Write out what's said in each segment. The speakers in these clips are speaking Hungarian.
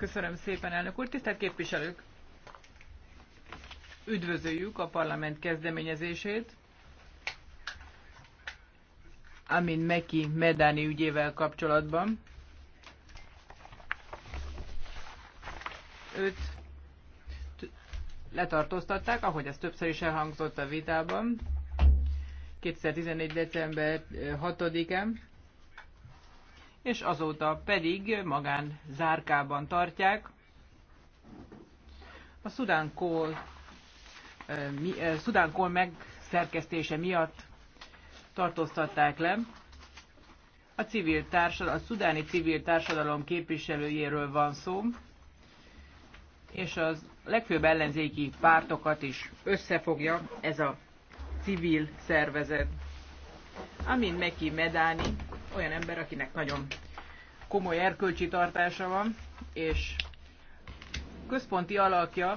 Köszönöm szépen, elnök úr. Tisztelt képviselők! Üdvözöljük a parlament kezdeményezését, Amin Meki Medáni ügyével kapcsolatban. Őt letartóztatták, ahogy ez többször is elhangzott a vitában, 2014. december 6-án és azóta pedig magán zárkában tartják. A szudánkol, szudánkol megszerkesztése miatt tartóztatták le. A, civil társadalom, a szudáni civil társadalom képviselőjéről van szó, és az legfőbb ellenzéki pártokat is összefogja ez a civil szervezet. Amin Meki Medáni, olyan ember, akinek nagyon komoly erkölcsi tartása van, és központi alakja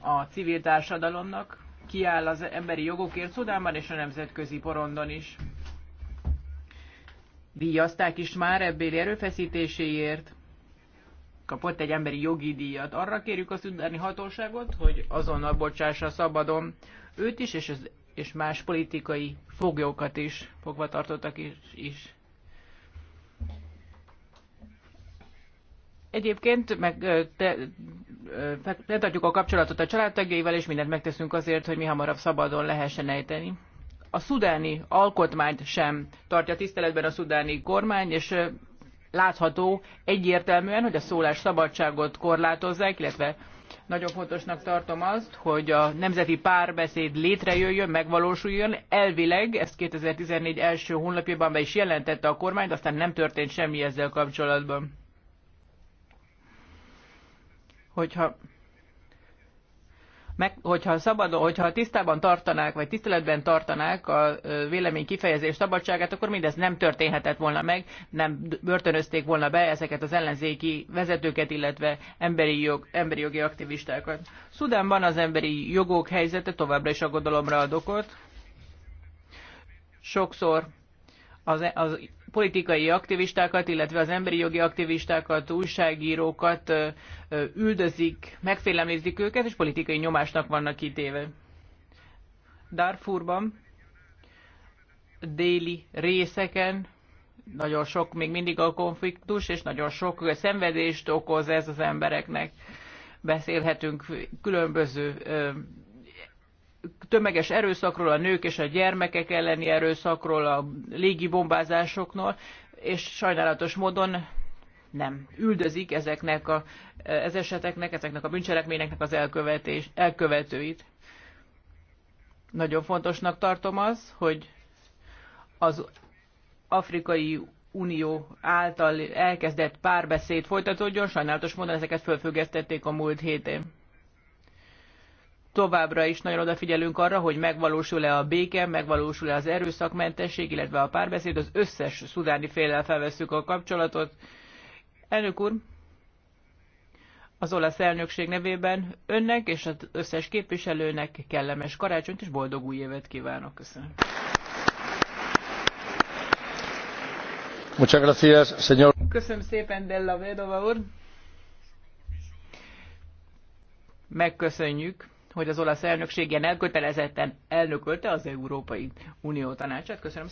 a civil társadalomnak, kiáll az emberi jogokért Szudánban és a nemzetközi porondon is. Díjazták is már ebbéli erőfeszítéséért, kapott egy emberi jogi díjat. Arra kérjük a szüdáni hatóságot, hogy azonnal bocsássa szabadon őt is, és, és más politikai foglyokat is, fogvatartottak is. is. Egyébként meg te, letartjuk a kapcsolatot a családtagjaival, és mindent megteszünk azért, hogy mi hamarabb szabadon lehessen ejteni. A szudáni alkotmányt sem tartja tiszteletben a szudáni kormány, és látható egyértelműen, hogy a szólás szabadságot korlátozzák, illetve nagyon fontosnak tartom azt, hogy a nemzeti párbeszéd létrejöjjön, megvalósuljon. Elvileg ezt 2014 első hónapjában be is jelentette a kormány, de aztán nem történt semmi ezzel kapcsolatban hogyha meg, hogyha, szabad, hogyha tisztában tartanák, vagy tiszteletben tartanák a vélemény kifejezés szabadságát, akkor mindez nem történhetett volna meg, nem börtönözték volna be ezeket az ellenzéki vezetőket, illetve emberi, jog, emberi jogi aktivistákat. Szudánban az emberi jogok helyzete továbbra is aggodalomra ad okot. Sokszor az, e, az politikai aktivistákat, illetve az emberi jogi aktivistákat, újságírókat üldözik, megfélemlítik őket, és politikai nyomásnak vannak kitéve. Darfurban, déli részeken nagyon sok még mindig a konfliktus, és nagyon sok szenvedést okoz ez az embereknek. Beszélhetünk különböző tömeges erőszakról, a nők és a gyermekek elleni erőszakról, a légi bombázásokról, és sajnálatos módon nem üldözik ezeknek a, ez eseteknek, ezeknek a bűncselekményeknek az elkövetés, elkövetőit. Nagyon fontosnak tartom az, hogy az Afrikai Unió által elkezdett párbeszéd folytatódjon, sajnálatos módon ezeket fölfüggesztették a múlt héten továbbra is nagyon odafigyelünk arra, hogy megvalósul-e a béke, megvalósul-e az erőszakmentesség, illetve a párbeszéd. Az összes szudáni félel felveszünk a kapcsolatot. Elnök úr, az olasz elnökség nevében önnek és az összes képviselőnek kellemes karácsonyt és boldog új évet kívánok. Köszönöm. Köszönöm szépen, Della Vedova úr. Megköszönjük hogy az olasz elnökség ilyen elkötelezetten elnökölte az Európai Unió tanácsát. Köszönöm szépen.